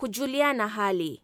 Kujuliana hali.